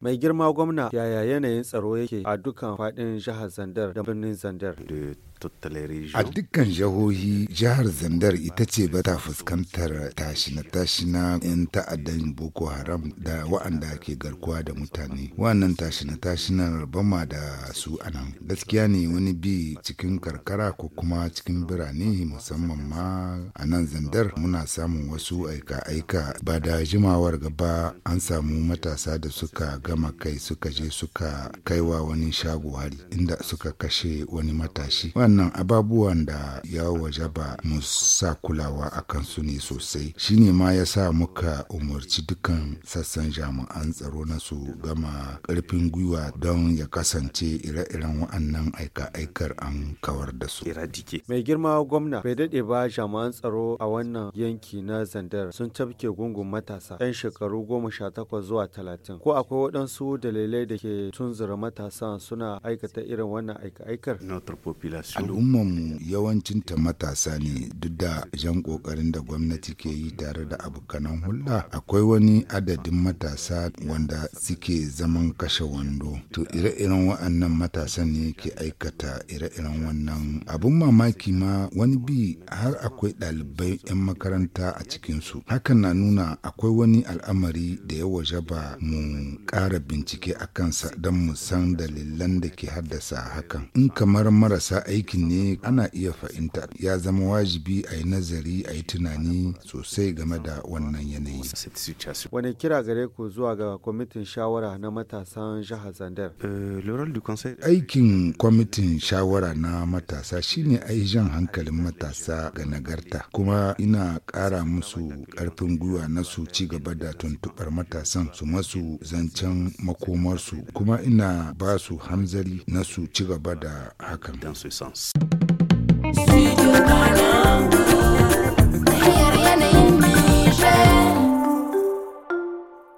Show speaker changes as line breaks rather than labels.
Mai girma gwamna yaya yanayin tsaro yake a dukkan faɗin jihar Zandar da birnin Zandar. A
dukkan jihohi jihar Zandar ita ce ba ta fuskantar tashina-tashina 'yan ta'addan Boko Haram da wa'anda ke garkuwa da mutane. Wannan tashina-tashinar bama da su anan. Gaskiya ne wani bi cikin karkara ko kuma cikin birane musamman ma a nan Zandar muna samun wasu aika-aika ba da jimawar gaba an samu matasa da suka gama kai suka je suka kaiwa wani shago hari inda suka kashe wani matashi. waɗannan ababuwan da ya wajaba mu sa kulawa a kansu ne sosai shine ma ya sa muka umarci dukkan sassan jami'an tsaro na su gama karfin gwiwa don ya kasance ire-iren waɗannan aika-aikar an kawar da su.
Mai girma gwamna bai daɗe ba jami'an tsaro a wannan yanki na Zandar sun tafke gungun matasa 'yan shekaru goma sha takwas zuwa talatin. Ko akwai waɗansu dalilai da ke tunzura matasan suna aikata irin wannan aika-aikar?
al'ummanmu yawancinta matasa ne duk da jan ƙoƙarin da gwamnati ke yi tare da abokanan hulɗa akwai wani adadin matasa wanda suke zaman kashe wando to ire-iren wa'annan matasa ne ke aikata ire-iren wannan abun mamaki ma wani bi har akwai ɗalibai 'yan makaranta a cikinsu hakan na nuna akwai wani al'amari da ya ba mu ƙara bincike a kansa don mu san dalilan da ke haddasa hakan in kamar marasa aiki aikin ne ana iya fahimta ya zama wajibi a yi nazari a yi tunani sosai game da wannan yanayi
wani kira gare ku zuwa ga kwamitin shawara na matasan jihar zandar eh,
aikin kwamitin shawara na matasa shine a yi jan hankalin matasa ga nagarta kuma ina kara musu karfin gwiwa na su ci gaba da tuntubar matasan su masu zancen makomarsu kuma ina ba su hanzari na su ci gaba da hakan. you Ghana.